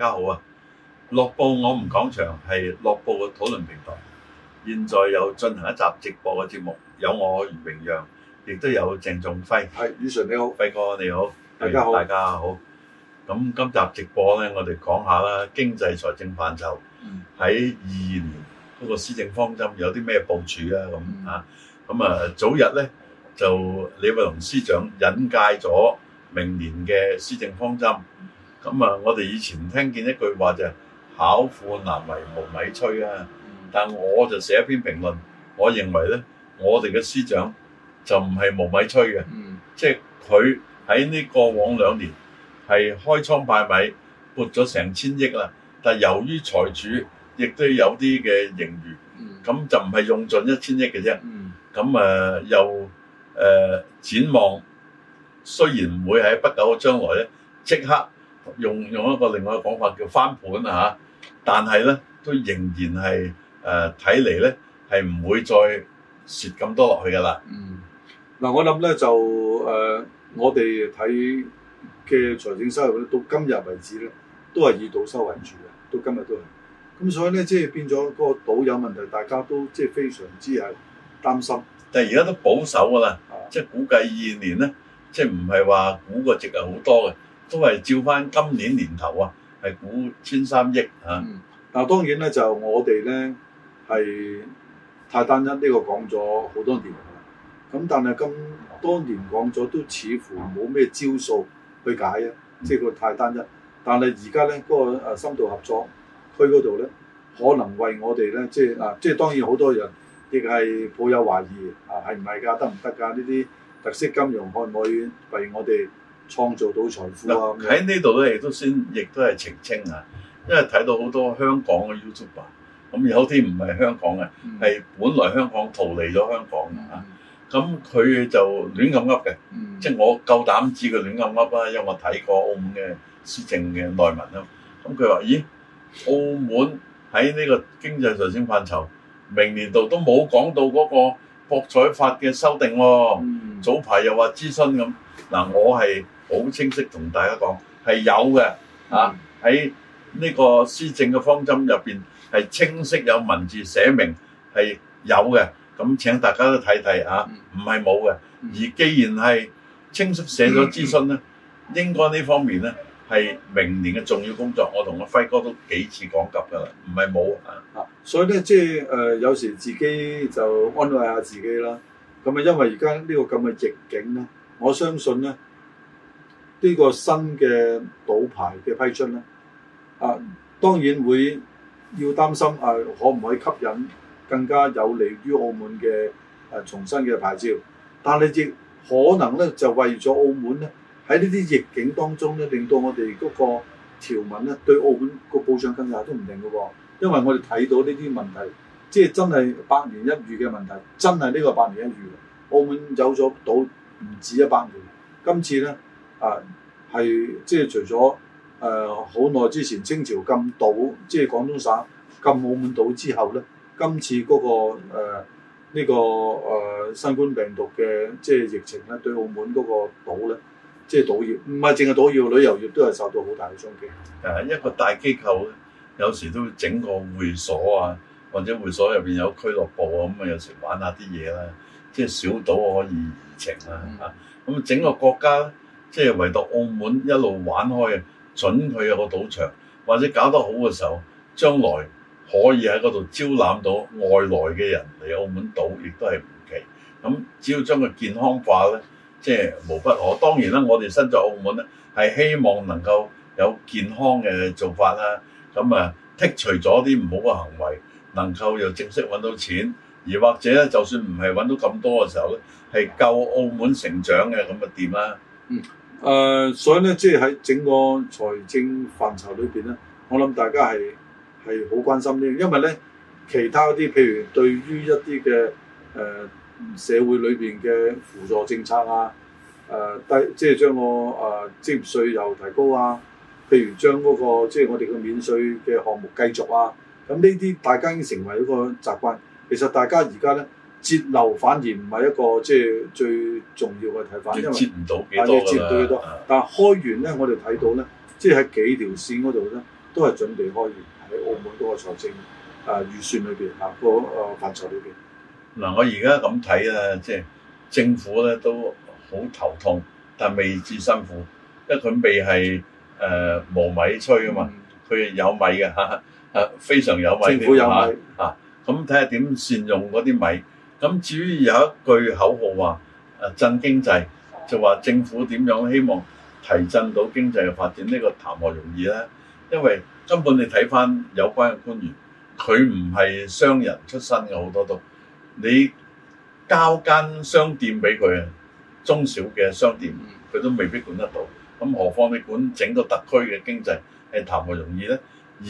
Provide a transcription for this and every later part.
大家好啊！《樂報我唔講場》係樂報嘅討論平台，現在又進行一集直播嘅節目，有我余榮陽，亦都有鄭仲輝。係宇純你好，輝哥你好，大家好，大家好。咁今集直播咧，我哋講下啦，經濟財政範疇喺二二年嗰個施政方針有啲咩部署啊？咁啊，咁啊，早日咧就李偉農司長引介咗明年嘅施政方針。咁啊！我哋以前聽見一句話就係巧婦難為無米炊啊。嗯、但我就寫一篇評論，我認為咧，我哋嘅司長就唔係無米炊嘅，嗯、即係佢喺呢過往兩年係開倉派米撥咗成千億啦。但由於財主亦都有啲嘅盈餘，咁、嗯、就唔係用盡一千億嘅啫。咁啊，又誒展望，雖然唔會喺不久嘅將來咧即刻。用用一個另外嘅講法叫翻盤啊！但係咧，都仍然係誒睇嚟咧，係、呃、唔會再蝕咁多落去㗎啦。嗯，嗱、啊，我諗咧就誒、呃，我哋睇嘅財政收入咧，到今日為止咧，都係以賭收為主嘅，到今日都係。咁所以咧，即、就、係、是、變咗嗰個賭有問題，大家都即係非常之係擔心。但係而家都保守㗎啦，嗯、即係估計二年咧，即係唔係話估個值係好多嘅。都係照翻今年年頭啊，係估千三億啊！但係、嗯、當然咧，就我哋咧係太單一，呢個講咗好多年，咁但係咁多年講咗都似乎冇咩招數去解啊，即係個太單一。但係而家咧嗰個誒深度合作區嗰度咧，可能為我哋咧，即係嗱，即、啊、係、就係、當然好多人亦係抱有懷疑啊，係唔係㗎？得唔得㗎？呢啲特色金融可唔可以為我哋創造到財富啊！喺呢度咧，亦都先，亦都係澄清啊！因為睇到好多香港嘅 YouTuber，咁有啲唔係香港嘅，係、嗯、本來香港逃離咗香港啊！咁佢就亂咁噏嘅，嗯、即係我夠膽知佢亂咁噏啦，因為我睇過澳門嘅施政嘅內文啦。咁佢話：咦、嗯，澳門喺呢個經濟上先範疇，明年度都冇講到嗰個博彩法嘅修訂喎。早排又話諮詢咁嗱，我係。好清晰同大家講，係有嘅嚇。喺呢個施政嘅方針入邊，係清晰有文字寫明，係有嘅。咁請大家都睇睇嚇，唔係冇嘅。而既然係清晰寫咗諮詢咧，應該呢方面咧係明年嘅重要工作，我同阿輝哥都幾次講及㗎啦，唔係冇啊。啊，所以咧即係誒有時自己就安慰下自己啦。咁啊，因為而家呢個咁嘅逆境咧，我相信咧。呢個新嘅賭牌嘅批出咧，啊當然會要擔心啊，可唔可以吸引更加有利於澳門嘅啊重新嘅牌照？但係亦可能咧就為咗澳門咧喺呢啲逆境當中咧，令到我哋嗰個條文咧對澳門個保障更加都唔定嘅喎、哦。因為我哋睇到呢啲問題，即係真係百年一遇嘅問題，真係呢個百年一遇。澳門有咗賭唔止一百年，今次咧。啊，係即係除咗誒好耐之前清朝禁島，即係廣東省禁澳門島之後咧，今次嗰、嗰個呢、呃這個誒、啊、新冠病毒嘅即係疫情咧，對澳門嗰個島咧，即係賭業唔係淨係賭業，旅遊業都係受到好大嘅衝擊。誒，一個大機構咧，有時都會整個會所啊，或者會所入邊有俱樂部啊，咁啊有時玩下啲嘢啦，即係小賭可以怡情啦嚇。咁、嗯、整個國家即係唯獨澳門一路玩開啊，準佢有個賭場，或者搞得好嘅時候，將來可以喺嗰度招攬到外來嘅人嚟澳門賭，亦都係唔奇。咁只要將佢健康化咧，即係無不可。當然啦，我哋身在澳門咧，係希望能夠有健康嘅做法啦。咁啊剔除咗啲唔好嘅行為，能夠又正式揾到錢，而或者咧就算唔係揾到咁多嘅時候，咧係夠澳門成長嘅咁啊掂啦。嗯。誒，uh, 所以咧，即係喺整個財政範疇裏邊咧，我諗大家係係好關心啲。因為咧，其他啲譬如對於一啲嘅誒社會裏邊嘅輔助政策啊，誒、呃、低即係將個誒職業稅又提高啊，譬如將嗰、那個即係我哋嘅免稅嘅項目繼續啊，咁呢啲大家已經成為一個習慣。其實大家而家咧。節流反而唔係一個即係最重要嘅睇法，因為節唔到幾多、嗯、但係開完咧，我哋睇到咧，即係喺幾條線嗰度咧，都係準備開完。喺澳門嗰個財政啊預算裏邊啊個啊範疇裏邊。嗱，我而家咁睇啊，即係、就是、政府咧都好頭痛，但未至辛苦，因為佢未係誒無米炊啊嘛，佢、嗯、有米嘅嚇，誒、啊、非常有米政府有米嘅嚇、啊，啊咁睇下點善用嗰啲米。咁至於有一句口號話，誒、啊、振經濟，就話政府點樣希望提振到經濟嘅發展？呢、這個談何容易呢？因為根本你睇翻有關嘅官員，佢唔係商人出身嘅，好多都你交間商店俾佢，中小嘅商店佢都未必管得到。咁何況你管整個特區嘅經濟係談何容易呢？而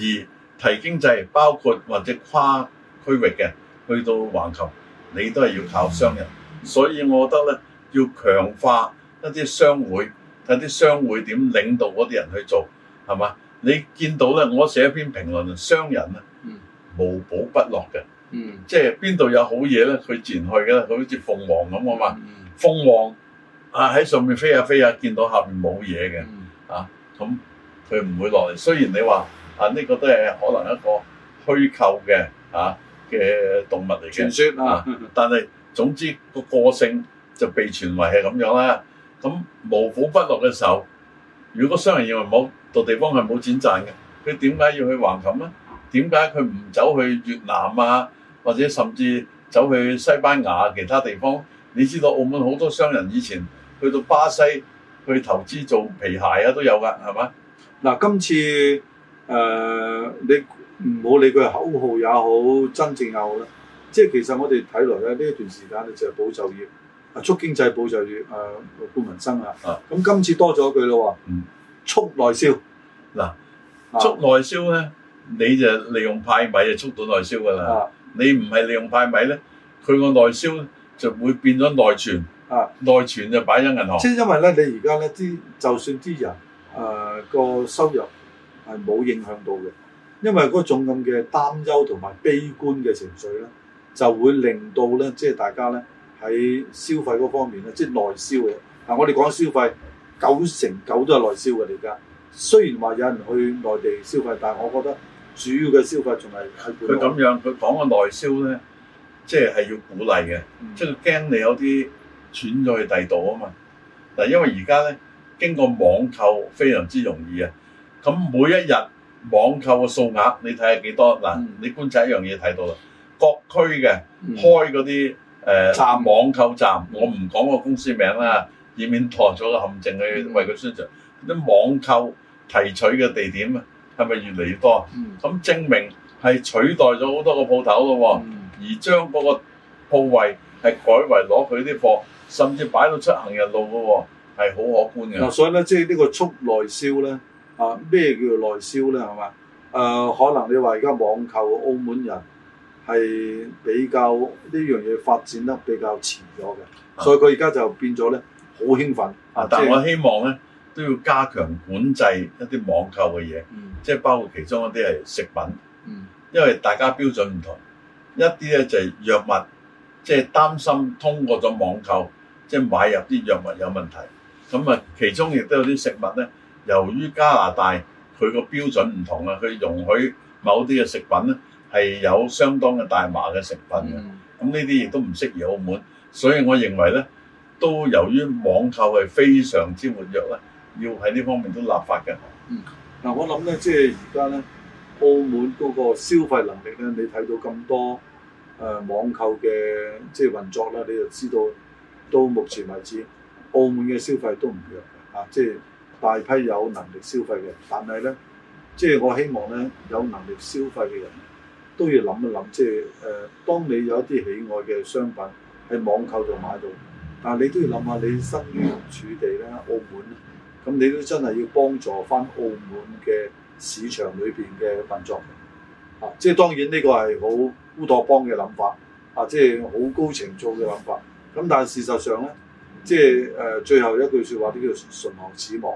提經濟，包括或者跨區域嘅，去到環球。你都係要靠商人，所以我覺得咧要強化一啲商會，睇啲商會點領導嗰啲人去做，係嘛？你見到咧，我寫一篇評論，商人咧無寶不落嘅，嗯、即係邊度有好嘢咧，佢自然去嘅，好似鳳凰咁啊嘛。嗯、鳳凰啊喺上面飛啊飛啊，見到下邊冇嘢嘅啊，咁佢唔會落嚟。雖然你話啊，呢、呢個都係可能一個虛構嘅啊。嘅動物嚟嘅，傳說啊！嗯、但係總之個個性就被傳為係咁樣啦。咁無苦不樂嘅時候，如果商人認為冇度地方係冇錢賺嘅，佢點解要去橫琴咧？點解佢唔走去越南啊？或者甚至走去西班牙、啊、其他地方？你知道澳門好多商人以前去到巴西去投資做皮鞋啊都有㗎，係嘛？嗱、啊，今次。誒，uh, 你唔好理佢口號也好，真正又好啦。即係其實我哋睇來咧，呢一段時間咧就係保就業，促經濟保就業，誒、呃，顧民生啊。咁今次多咗一句咯喎，促內銷。嗱、啊，促內銷咧，你就利用派米就促到內銷噶啦。啊、你唔係利用派米咧，佢個內銷咧就會變咗內存。啊、內存就擺咗銀行。即係因為咧，你而家咧啲，就算啲人誒個收入。係冇影響到嘅，因為嗰種咁嘅擔憂同埋悲觀嘅情緒咧，就會令到咧，即係大家咧喺消費嗰方面咧，即係內銷嘅。嗱、啊，我哋講消費九成九都係內銷嘅，而家雖然話有人去內地消費，但係我覺得主要嘅消費仲係喺本地。佢咁樣，佢講嘅內銷咧，即係係要鼓勵嘅，即係驚你有啲轉咗去第度啊嘛。嗱，因為而家咧經過網購非常之容易啊。咁每一日網購嘅數額，你睇下幾多嗱？你觀察一樣嘢睇到啦，各區嘅開嗰啲誒站網購站，我唔講個公司名啦，以免拖咗個陷阱去為佢宣傳。啲網購提取嘅地點係咪越嚟越多？咁證明係取代咗好多個鋪頭咯，而將嗰個鋪位係改為攞佢啲貨，甚至擺到出行人路嘅喎，係好可觀嘅。所以咧，即係呢個速內銷咧。啊！咩叫做內銷咧？係嘛？誒、呃，可能你話而家網購澳門人係比較呢樣嘢發展得比較遲咗嘅，啊、所以佢而家就變咗咧，好興奮啊！嗯就是、但係我希望咧，都要加強管制一啲網購嘅嘢，即係、嗯、包括其中一啲係食品，嗯、因為大家標準唔同，一啲咧就係藥物，即、就、係、是、擔心通過咗網購，即、就、係、是、買入啲藥物有問題。咁啊，其中亦都有啲食物咧。由於加拿大佢個標準唔同啦，佢容許某啲嘅食品咧係有相當嘅大麻嘅成分嘅，咁呢啲亦都唔適宜澳門，所以我認為咧都由於網購係非常之活躍咧，要喺呢方面都立法嘅。嗱、嗯啊，我諗咧，即係而家咧，澳門嗰個消費能力咧，你睇到咁多誒、呃、網購嘅即係運作啦，你就知道到目前為止澳門嘅消費都唔弱嘅，啊，即係、就是。大批有能力消費人嘅，但係咧，即係我希望咧，有能力消費嘅人都要諗一諗，即係誒、呃，當你有一啲喜愛嘅商品喺網購度買到，但係你都要諗下你身於處地咧，澳門咁你都真係要幫助翻澳門嘅市場裏邊嘅運作。啊，即係當然呢個係好烏托邦嘅諗法，啊，即係好高情操嘅諗法。咁、啊、但係事實上咧，即係誒、呃、最後一句説話，都叫做「唇亡齒亡」。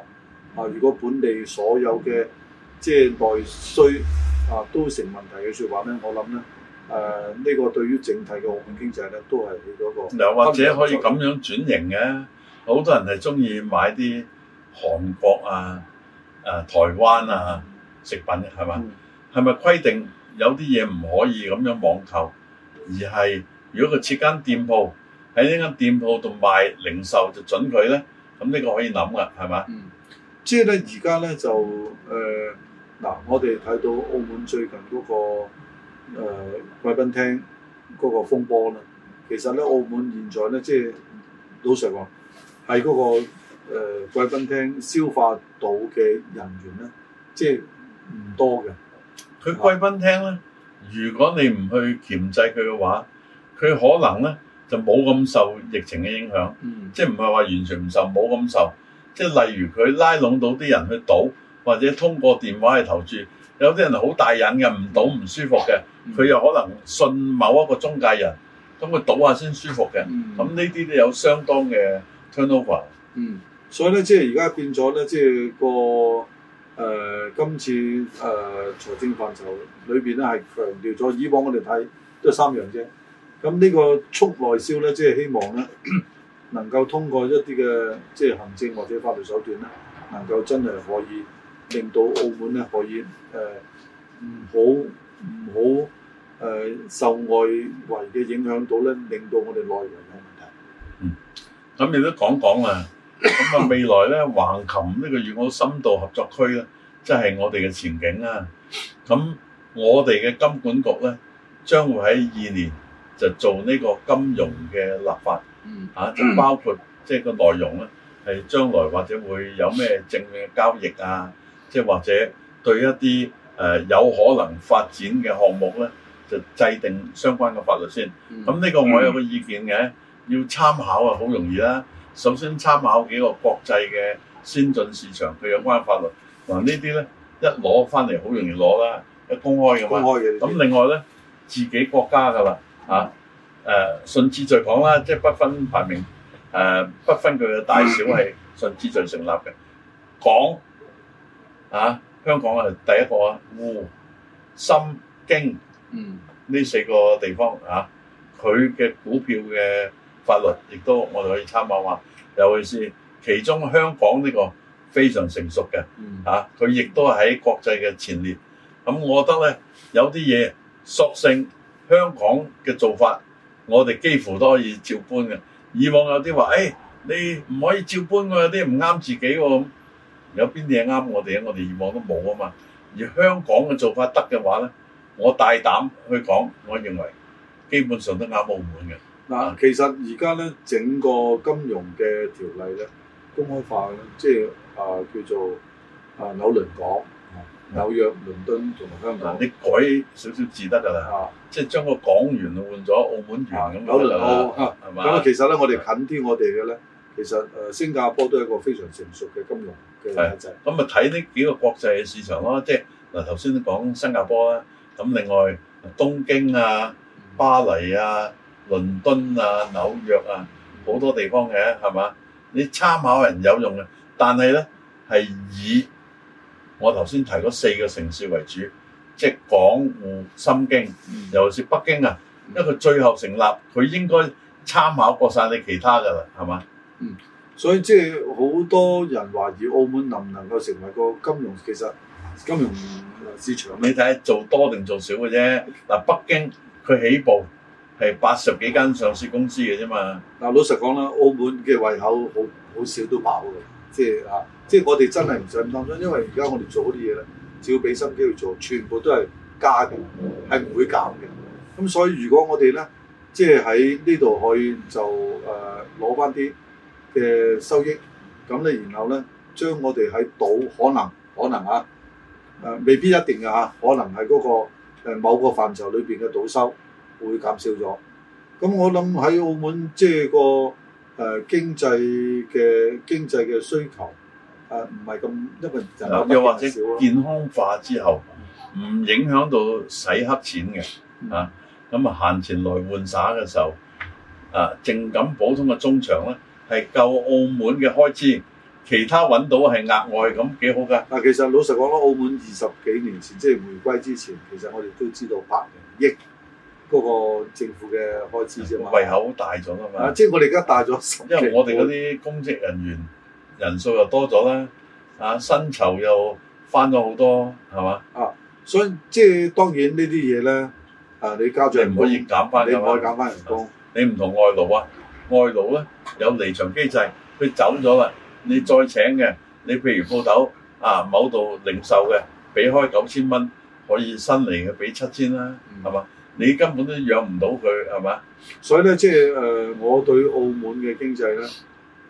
啊！如果本地所有嘅即係內需啊都成問題嘅説話咧，我諗咧，誒呢、呃呢個對於整體嘅澳門經濟咧都係起咗個又或者可以咁樣轉型嘅，好多人係中意買啲韓國啊、啊台灣啊食品，係嘛？係咪、嗯、規定有啲嘢唔可以咁樣網購，而係如果佢設間店鋪，喺呢間店鋪度賣零售就準佢咧？咁呢個可以諗噶，係嘛？嗯即係咧，而家咧就誒嗱、呃，我哋睇到澳門最近嗰、那個誒、呃、貴賓廳嗰個風波啦。其實咧，澳門現在咧，即係老實講，喺嗰、那個誒、呃、貴賓廳消化到嘅人員咧，即係唔多嘅。佢貴賓廳咧，如果你唔去鉗制佢嘅話，佢可能咧就冇咁受疫情嘅影響。嗯、即係唔係話完全唔受，冇咁受。即係例如佢拉攏到啲人去賭，或者通過電話去投注，有啲人好大癮嘅，唔賭唔舒服嘅，佢又可能信某一個中介人，咁佢賭下先舒服嘅。咁呢啲都有相當嘅 turnover。嗯，嗯，所以咧，即係而家變咗咧，即係個誒、呃、今次誒、呃、財政範疇裏邊咧，係強調咗。以往我哋睇都係三樣啫。咁呢個促內銷咧，即係希望咧。 能夠通過一啲嘅即係行政或者法律手段咧，能夠真係可以令到澳門咧可以誒，唔好唔好誒受外圍嘅影響到咧，令到我哋內圍有問題。嗯，咁亦都講講啊，咁啊未來咧橫琴呢個粵澳深度合作區咧，即係我哋嘅前景啊。咁我哋嘅金管局咧，將會喺二年就做呢個金融嘅立法。嗯，嚇、嗯，就包括即係個內容咧，係將來或者會有咩正面交易啊，即、就、係、是、或者對一啲誒、呃、有可能發展嘅項目咧，就制定相關嘅法律先。咁呢、嗯嗯、個我有個意見嘅，嗯、要參考啊，好容易啦。首先參考幾個國際嘅先進市場佢有關法律，嗱、啊、呢啲咧一攞翻嚟好容易攞啦，一、嗯、公開嘅嘛。公開嘅。咁、嗯、另外咧，嗯、自己國家噶啦，嚇、啊。啊誒、呃、順治在講啦，即係不分排名，誒、呃、不分佢嘅大小，係順志在成立嘅港啊，香港係第一個啊，滬、哦、深、京，嗯，呢四個地方啊，佢嘅股票嘅法律亦都我哋可以參考下，尤其是其中香港呢、這個非常成熟嘅、啊，嗯，佢亦都喺國際嘅前列，咁我覺得咧有啲嘢索性香港嘅做法。我哋幾乎都可以照搬嘅。以往有啲話，誒、哎、你唔可以照搬嘅，有啲唔啱自己喎。咁有邊啲嘢啱我哋嘅？我哋以往都冇啊嘛。而香港嘅做法得嘅話咧，我大膽去講，我認為基本上都啱澳門嘅。嗱，其實而家咧整個金融嘅條例咧，公開化咧，即係啊叫做啊紐倫港，、嗯、紐約、倫敦同埋香港，你改少少字得噶啦。嗯即係將個港元換咗澳門元咁樣係嘛，咁啊其實咧，我哋近啲我哋嘅咧，其實誒新加坡都係一個非常成熟嘅金融嘅經濟。咁啊睇呢幾個國際嘅市場咯，即係嗱頭先講新加坡啦，咁另外東京啊、巴黎啊、倫敦啊、紐約啊好多地方嘅係嘛？你參考人有用嘅，但係咧係以我頭先提嗰四個城市為主。即係港、滬、深、京，尤其是北京啊！因為佢最後成立，佢應該參考過晒你其他㗎啦，係嘛、嗯？所以即係好多人懷疑澳門能唔能夠成為個金融，其實金融市場你睇下做多定做少嘅啫。嗱，北京佢起步係八十幾間上市公司嘅啫嘛。嗱、嗯，老實講啦，澳門嘅胃口好，好少都飽嘅，即係啊！即係我哋真係唔使咁擔心，因為而家我哋做好啲嘢啦。只要俾心機去做，全部都係加嘅，係唔會減嘅。咁所以如果我哋咧，即係喺呢度可以就誒攞翻啲嘅收益，咁咧然後咧，將我哋喺賭可能可能啊誒、呃、未必一定嘅嚇、啊，可能係嗰、嗰個、呃、某個範疇裏邊嘅賭收會減少咗。咁我諗喺澳門即係個誒、呃、經濟嘅經濟嘅需求。誒唔係咁一個就又或者健康化之後，唔影響到使黑錢嘅嚇，咁啊閒錢來換耍嘅時候，啊淨緊普通嘅中場咧，係夠澳門嘅開支，其他揾到係額外咁幾好噶。嗱，其實老實講啦，澳門二十幾年前即係回歸之前，其實我哋都知道百零億嗰個政府嘅開支胃口大咗啦嘛。啊，即係我哋而家大咗十。因為我哋嗰啲公職人員。人數又多咗啦，啊，薪酬又翻咗好多，係嘛？啊，所以即係當然呢啲嘢咧，啊，你加咗唔可以減翻，你唔可以減翻人工，啊、你唔同外勞啊，外勞咧有離場機制，佢走咗啦，你再請嘅，你譬如鋪頭啊，某度零售嘅，俾開九千蚊，可以新嚟嘅俾七千啦，係嘛？嗯、你根本都養唔到佢，係嘛？所以咧，即係誒、呃，我對澳門嘅經濟咧，誒、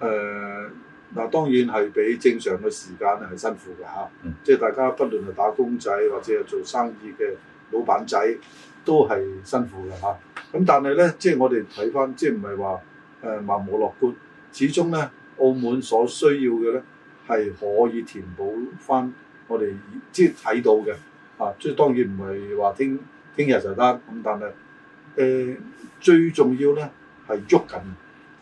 呃。呃嗱，當然係比正常嘅時間係辛苦嘅嚇，即係、嗯、大家不論係打工仔或者係做生意嘅老闆仔都係辛苦嘅嚇。咁、嗯、但係咧，即係我哋睇翻，即係唔係話誒盲目樂觀。始終咧，澳門所需要嘅咧係可以填補翻我哋即係睇到嘅嚇。即係、啊、當然唔係話聽聽日就得咁，但係誒、呃、最重要咧係喐緊。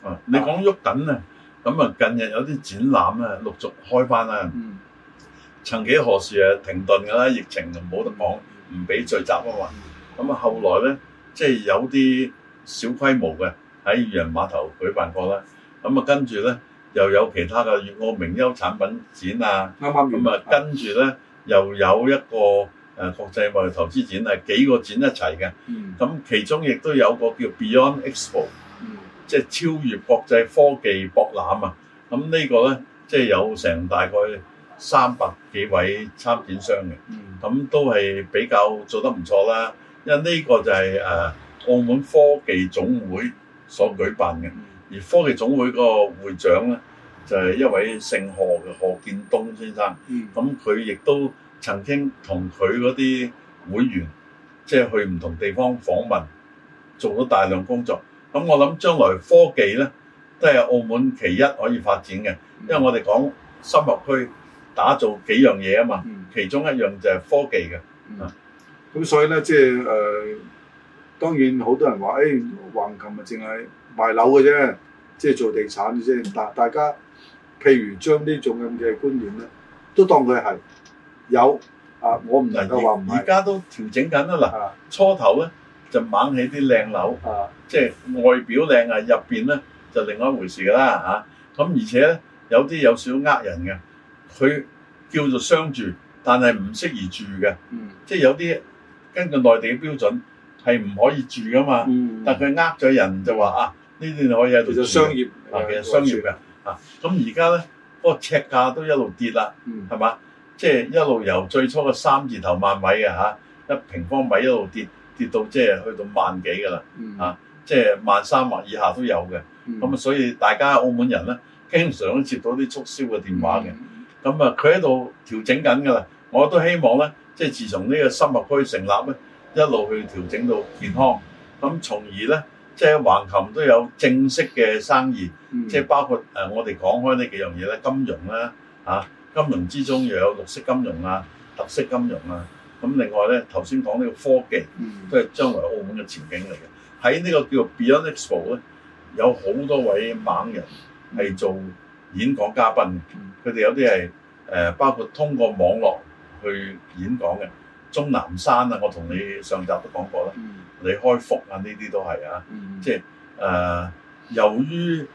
啊，你講喐緊呢啊？咁啊，近日有啲展覽啊，陸續開翻啊。嗯、曾幾何時啊，停頓噶啦，疫情冇得講，唔俾聚集啊嘛。咁啊、嗯，嗯、後來咧，即係有啲小規模嘅喺漁人碼頭舉辦過啦。咁、嗯、啊，跟住咧又有其他嘅粵澳名優產品展啊。啱啱咁啊，嗯、跟住咧又有一個誒、呃、國際貿易投資展啊，幾個展一齊嘅。咁、嗯嗯、其中亦都有個叫 Beyond Expo。即係超越國際科技博覽啊！咁呢個呢，即、就、係、是、有成大概三百幾位參展商嘅，咁都係比較做得唔錯啦。因為呢個就係、是、誒、呃、澳門科技總會所舉辦嘅，而科技總會個會長呢，就係、是、一位姓何嘅何建東先生。咁佢亦都曾經同佢嗰啲會員即係、就是、去唔同地方訪問，做咗大量工作。咁我諗將來科技咧都係澳門其一可以發展嘅，嗯、因為我哋講深樂區打造幾樣嘢啊嘛，嗯、其中一樣就係科技嘅。咁、嗯是嗯、所以咧，即係誒、呃，當然好多人話，誒橫琴咪淨係賣樓嘅啫，即係做地產嘅啫。但、嗯、大家譬如將呢種咁嘅觀念咧，都當佢係有啊。我唔能夠話唔係，而家、嗯、都調整緊啦。嗱、啊，啊、初頭咧。啊、就猛起啲靚樓，即係外表靚啊，入邊咧就另外一回事噶啦嚇。咁、啊、而且咧有啲有少呃人嘅，佢叫做商住，但係唔適宜住嘅，即係、嗯、有啲根據內地嘅標準係唔可以住噶嘛。嗯、但佢呃咗人就話、嗯、啊，呢啲可以喺度做商業、就是、商業嘅嚇。咁而家咧個尺價都一路跌啦，係嘛、嗯？即係、就是、一路由最初嘅三字頭萬米嘅嚇，一平方米一路跌。跌到即係去到萬幾嘅啦，嚇、嗯，即係、啊就是、萬三或以下都有嘅。咁啊、嗯，所以大家澳門人咧，經常都接到啲促銷嘅電話嘅。咁、嗯、啊，佢喺度調整緊嘅啦。我都希望咧，即、就、係、是、自從呢個深合區成立咧，一路去調整到健康。咁從而咧，即、就、係、是、橫琴都有正式嘅生意，即係、嗯、包括誒、呃，我哋講開呢幾樣嘢咧，金融啦，嚇、啊，金融之中又有綠色金融啊，特色金融啊。咁另外咧，頭先講呢個科技都係將來澳門嘅前景嚟嘅。喺呢個叫做 Beyond Expo 咧，有好多位猛人係做演講嘉賓嘅。佢哋有啲係誒，包括通過網絡去演講嘅。鍾南山啊，我同你上集都講過啦。李、嗯、開復啊，呢啲都係啊、嗯呃、啊，即係誒，由於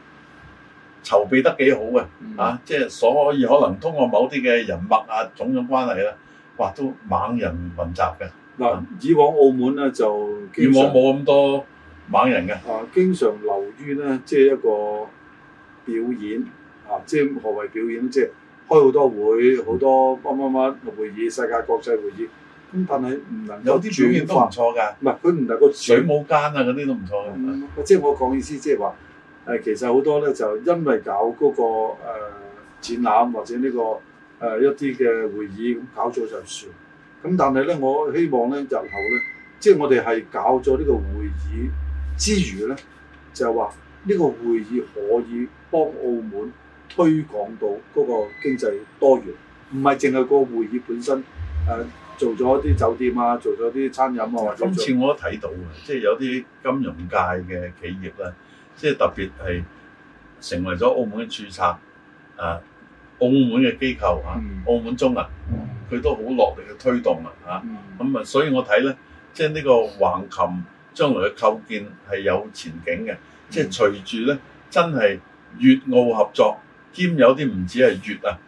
籌備得幾好嘅啊，即係所以可能通過某啲嘅人脈啊，種種關係啦。哇！都猛人混雜嘅嗱，以往澳門咧就以往冇咁多猛人嘅啊，經常留於呢，即係一個表演啊，即係何為表演即係開好多會，好、嗯、多乜乜乜嘅會議，世界國際會議咁，但係唔能夠有啲表演都唔錯㗎，唔係佢唔能個水舞間啊，嗰啲都唔錯嘅。即係我講意思，即係話誒，其實好多咧就因為搞嗰、那個展覽、呃、或者呢、這個。誒、呃、一啲嘅會議咁搞咗就算，咁但係咧，我希望咧日後咧，即係我哋係搞咗呢個會議之餘咧，就係話呢個會議可以幫澳門推廣到嗰個經濟多元，唔係淨係個會議本身誒、呃、做咗啲酒店啊，做咗啲餐飲啊。或者今次我都睇到嘅，即係有啲金融界嘅企業咧，即係特別係成為咗澳門嘅註冊誒。呃澳門嘅機構嚇，澳門中銀佢都好落力去推動、嗯、啊嚇，咁啊，所以我睇咧，即係呢個橫琴將來嘅構建係有前景嘅。即係隨住咧，真係粵澳合作，兼有啲唔止係粵啊，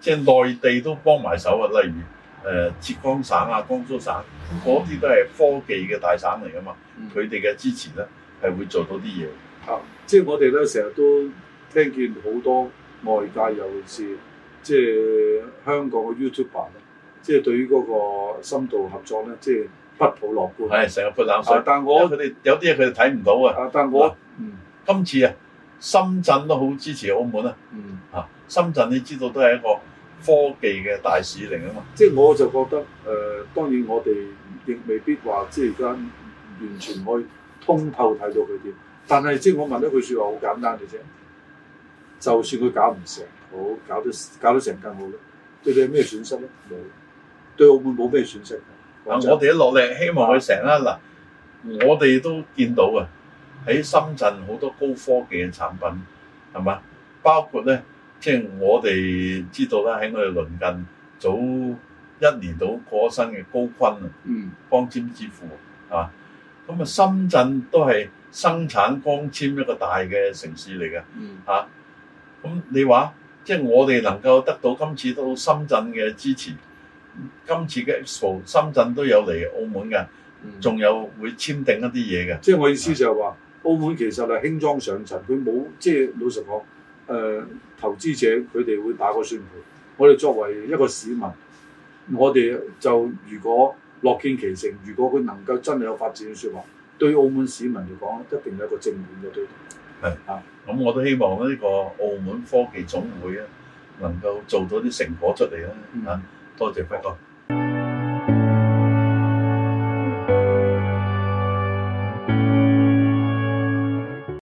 即係內地都幫埋手啊。例如誒、呃，浙江省啊，江蘇省嗰啲、嗯、都係科技嘅大省嚟噶嘛，佢哋嘅支持咧係會做到啲嘢。啊，即係我哋咧成日都聽見好多。外界尤其是即係香港嘅 YouTuber 咧，即係對於嗰個深度合作咧，即係不抱樂觀。係成日潑冷水。但係佢哋有啲嘢佢哋睇唔到啊！但係我今次啊，深圳都好支持澳門啊！嗯，啊，深圳你知道都係一個科技嘅大使嚟啊嘛。嗯、即係我就覺得誒、呃，當然我哋亦未必話即係而家完全可以通透睇到佢哋。但係即係我問一句説話，好簡單嘅啫。就算佢搞唔成，好，搞得搞得成更好咯。對你有咩損失咧？冇，對澳門冇咩損失。啊，我哋一落力，希望佢成啦。嗱、嗯，我哋都見到啊，喺深圳好多高科技嘅產品，係嘛？包括咧，即係我哋知道啦，喺我哋鄰近早一年到過身嘅高錕啊、嗯，嗯，光纖之父，係嘛？咁啊，深圳都係生產光纖一個大嘅城市嚟嘅，嗯，嚇、啊。咁、嗯、你話，即係我哋能夠得到今次到深圳嘅支持，今次嘅 Expo 深圳都有嚟澳門嘅，仲有會簽訂一啲嘢嘅。嗯、即係我意思就係、是、話，啊、澳門其實係輕裝上陣，佢冇即係老實講，誒、呃、投資者佢哋會打個算盤。我哋作為一個市民，我哋就如果樂見其成，如果佢能夠真係有發展嘅説話，對澳門市民嚟講一定有一個正面嘅對。係、嗯、啊。我都希望呢個澳門科技總會能夠做到啲成果出嚟。嗯。多謝輝哥。